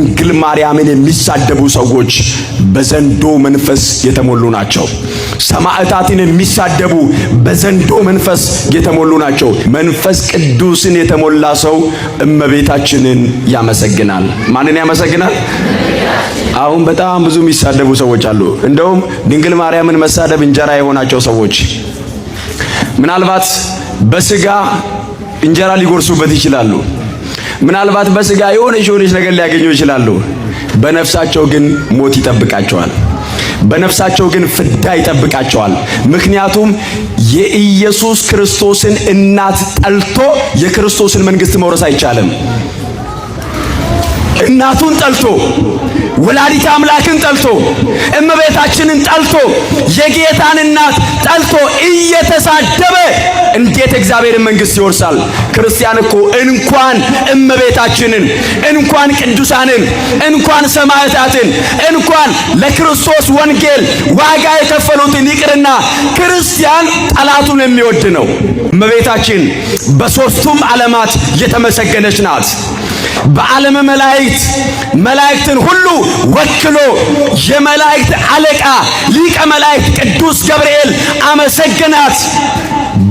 ድንግል ማርያምን የሚሳደቡ ሰዎች በዘንዶ መንፈስ የተሞሉ ናቸው። ሰማዕታትን የሚሳደቡ በዘንዶ መንፈስ የተሞሉ ናቸው። መንፈስ ቅዱስን የተሞላ ሰው እመቤታችንን ያመሰግናል። ማንን ያመሰግናል? አሁን በጣም ብዙ የሚሳደቡ ሰዎች አሉ። እንደውም ድንግል ማርያምን መሳደብ እንጀራ የሆናቸው ሰዎች ምናልባት በስጋ እንጀራ ሊጎርሱበት ይችላሉ። ምናልባት በስጋ የሆነች የሆነች ነገር ሊያገኙ ይችላሉ። በነፍሳቸው ግን ሞት ይጠብቃቸዋል። በነፍሳቸው ግን ፍዳ ይጠብቃቸዋል። ምክንያቱም የኢየሱስ ክርስቶስን እናት ጠልቶ የክርስቶስን መንግስት መውረስ አይቻልም። እናቱን ጠልቶ ወላዲተ አምላክን ጠልቶ እመቤታችንን ጠልቶ የጌታን እናት ጠልቶ እየተሳደበ ጌት እግዚአብሔርን መንግስት ይወርሳል? ክርስቲያን እኮ እንኳን እመቤታችንን እንኳን ቅዱሳንን እንኳን ሰማዕታትን እንኳን ለክርስቶስ ወንጌል ዋጋ የከፈሉትን ይቅርና ክርስቲያን ጠላቱን የሚወድ ነው። እመቤታችን በሶስቱም ዓለማት የተመሰገነች ናት። በዓለም መላእክት መላእክትን ሁሉ ወክሎ የመላእክት አለቃ ሊቀ መላእክት ቅዱስ ገብርኤል አመሰገናት።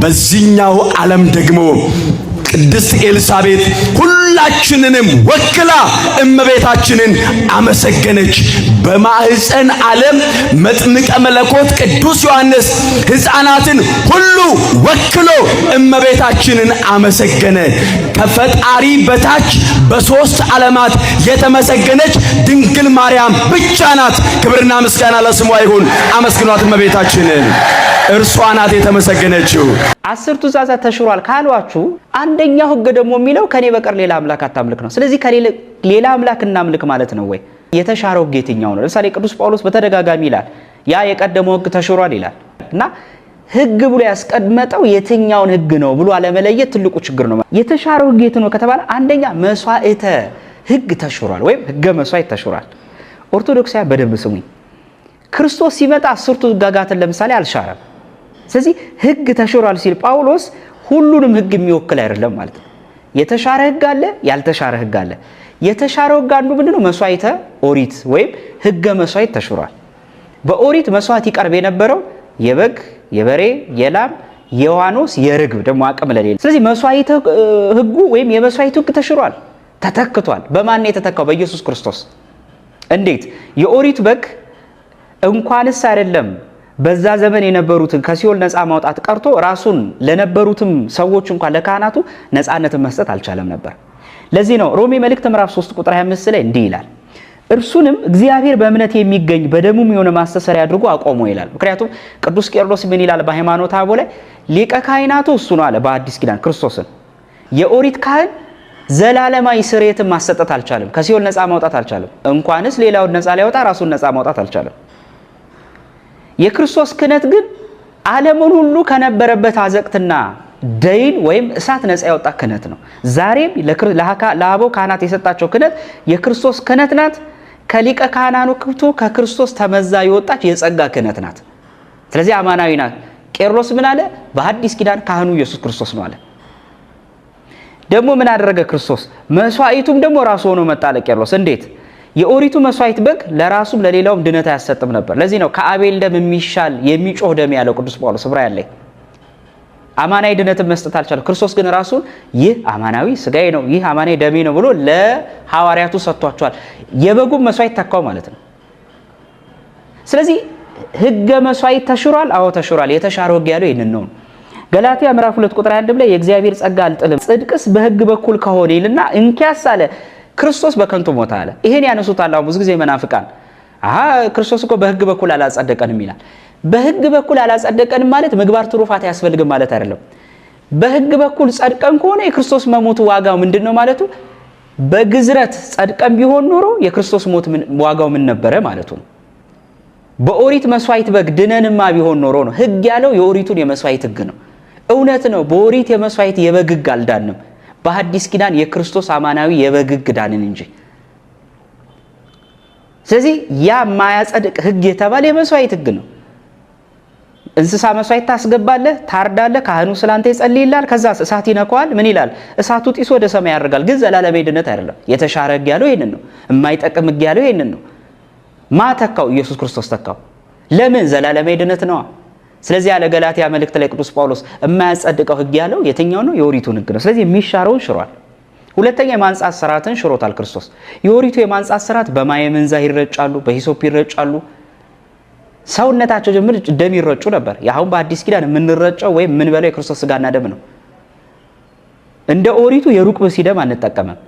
በዚህኛው ዓለም ደግሞ ቅድስት ኤልሳቤት ሁላችንንም ወክላ እመቤታችንን አመሰገነች። በማህፀን ዓለም መጥምቀ መለኮት ቅዱስ ዮሐንስ ሕፃናትን ሁሉ ወክሎ እመቤታችንን አመሰገነ። ከፈጣሪ በታች በሦስት ዓለማት የተመሰገነች ድንግል ማርያም ብቻ ናት። ክብርና ምስጋና ለስሟ ይሁን። አመስግኗት እመቤታችንን። እርሷ ናት የተመሰገነችው። አስር ትእዛዛት ተሽሯል ካሏችሁ አንደኛው ህግ ደግሞ የሚለው ከኔ በቀር ሌላ አምላክ አታምልክ ነው። ስለዚህ ከሌላ አምላክ እናምልክ ማለት ነው ወይ? የተሻረው ህግ የትኛው ነው? ለምሳሌ ቅዱስ ጳውሎስ በተደጋጋሚ ይላል ያ የቀደመው ህግ ተሽሯል ይላል እና ህግ ብሎ ያስቀመጠው የትኛውን ህግ ነው ብሎ አለመለየት ትልቁ ችግር ነው። የተሻረው ህግ የት ነው ከተባለ አንደኛ መስዋዕተ ህግ ተሽሯል ወይም ህገ መስዋዕት ተሽሯል። ኦርቶዶክሳውያን በደንብ ስሙኝ። ክርስቶስ ሲመጣ አስርቱ ህግጋትን ለምሳሌ አልሻረም። ስለዚህ ህግ ተሽሯል ሲል ጳውሎስ ሁሉንም ህግ የሚወክል አይደለም ማለት ነው። የተሻረ ህግ አለ፣ ያልተሻረ ህግ አለ። የተሻረው ህግ አንዱ ምንድነው? መስዋዕተ ኦሪት ወይም ህገ መስዋዕት ተሽሯል። በኦሪት መስዋዕት ይቀርብ የነበረው የበግ፣ የበሬ፣ የላም፣ የዋኖስ፣ የርግብ ደግሞ አቅም ለሌለ። ስለዚህ መስዋዕተ ህጉ ወይም የመስዋዕቱ ህግ ተሽሯል፣ ተተክቷል። በማን ነው የተተካው? በኢየሱስ ክርስቶስ። እንዴት የኦሪት በግ እንኳንስ አይደለም በዛ ዘመን የነበሩትን ከሲኦል ነፃ ማውጣት ቀርቶ ራሱን ለነበሩትም ሰዎች እንኳን ለካህናቱ ነፃነትን መስጠት አልቻለም ነበር። ለዚህ ነው ሮሜ መልእክት ምዕራፍ 3 ቁጥር 25 ላይ እንዲህ ይላል እርሱንም እግዚአብሔር በእምነት የሚገኝ በደሙም የሆነ ማስተሰሪያ አድርጎ አቆሞ ይላል። ምክንያቱም ቅዱስ ቄርሎስ ምን ይላል? በሃይማኖተ አበው ላይ ሊቀ ካህናቱ እሱ ነው አለ። በአዲስ ኪዳን ክርስቶስን የኦሪት ካህን ዘላለማዊ ስርየትን ማሰጠት አልቻለም። ከሲኦል ነፃ ማውጣት አልቻለም። እንኳንስ ሌላውን ነፃ ሊያወጣ ራሱን ነፃ ማውጣት አልቻለም። የክርስቶስ ክህነት ግን ዓለምን ሁሉ ከነበረበት አዘቅትና ደይን ወይም እሳት ነፃ ያወጣ ክህነት ነው። ዛሬም ለአበው ካህናት የሰጣቸው ክህነት የክርስቶስ ክህነት ናት። ከሊቀ ካህናኑ ክብቱ ከክርስቶስ ተመዛ የወጣች የጸጋ ክህነት ናት። ስለዚህ አማናዊ ናት። ቄርሎስ ምን አለ? በአዲስ ኪዳን ካህኑ ኢየሱስ ክርስቶስ ነው አለ። ደግሞ ምን አደረገ ክርስቶስ? መስዋዕቱም ደግሞ ራሱ ሆኖ መጣ ለቄርሎስ እንዴት የኦሪቱ መስዋዕት በግ ለራሱም ለሌላውም ድነት አያሰጥም ነበር። ለዚህ ነው ከአቤል ደም የሚሻል የሚጮህ ደም ያለው ቅዱስ ጳውሎስ ዕብራውያን ላይ። አማናዊ ድነትን መስጠት አልቻለም። ክርስቶስ ግን ራሱ ይህ አማናዊ ስጋዬ ነው፣ ይህ አማናዊ ደሜ ነው ብሎ ለሐዋርያቱ ሰጥቷቸዋል። የበጉም መስዋዕት ተካው ማለት ነው። ስለዚህ ህገ መስዋዕት ተሽሯል። አዎ ተሽሯል። የተሻረ ህግ ያለው ይህንን ነው። ገላትያ ምዕራፍ 2 ቁጥር 1 ላይ የእግዚአብሔር ጸጋ አልጥልም፣ ጽድቅስ በህግ በኩል ከሆነ ይልና እንኪያስ አለ ክርስቶስ በከንቱ ሞተ አለ። ይሄን ያነሱታል ብዙ ጊዜ መናፍቃን። ክርስቶስ እኮ በህግ በኩል አላጸደቀንም ይላል። በህግ በኩል አላጸደቀንም ማለት ምግባር ትሩፋት አያስፈልግም ማለት አይደለም። በህግ በኩል ጸድቀን ከሆነ የክርስቶስ መሞት ዋጋው ምንድን ነው ማለቱ በግዝረት ጸድቀን ቢሆን ኖሮ የክርስቶስ ሞት ዋጋው ምን ነበረ ማለቱ ነው። በኦሪት መስዋዕት በግ ድነንማ ቢሆን ኖሮ ነው። ህግ ያለው የኦሪቱን የመስዋዕት ህግ ነው። እውነት ነው። በኦሪት የመስዋዕት የበግ ህግ አልዳንም። በሐዲስ ኪዳን የክርስቶስ አማናዊ የበግ ሕግ እንጂ። ስለዚህ ያ ማያጸድቅ ህግ የተባለ የመስዋዕት ህግ ነው። እንስሳ መስዋዕት ታስገባለህ፣ ታርዳለህ፣ ካህኑ ስላንተ ይጸልይላል። ከዛ እሳት ይነካዋል። ምን ይላል? እሳቱ ጢሶ ወደ ሰማይ ያደርጋል። ግን ዘላለም ድነት አይደለም። የተሻረ ሕግ ያለው ይህንን ነው። የማይጠቅም ሕግ ያለው ይህንን ነው። ማ ተካው? ኢየሱስ ክርስቶስ ተካው። ለምን? ዘላለም ድነት ነዋ። ስለዚህ ያለ ገላትያ መልእክት ላይ ቅዱስ ጳውሎስ የማያጸድቀው ህግ ያለው የትኛው ነው? የኦሪቱን ህግ ነው። ስለዚህ የሚሻረውን ሽሯል። ሁለተኛ የማንጻት ስርዓትን ሽሮታል ክርስቶስ። የኦሪቱ የማንጻት ስርዓት በማየ መንዛ ይረጫሉ፣ በሂሶፕ ይረጫሉ፣ ሰውነታቸው ጀምር ደም ይረጩ ነበር። ያሁን በአዲስ ኪዳን የምንረጨው ወይም የምንበላው የክርስቶስ ስጋና ደም ነው። እንደ ኦሪቱ የሩቅ ደም አንጠቀምም።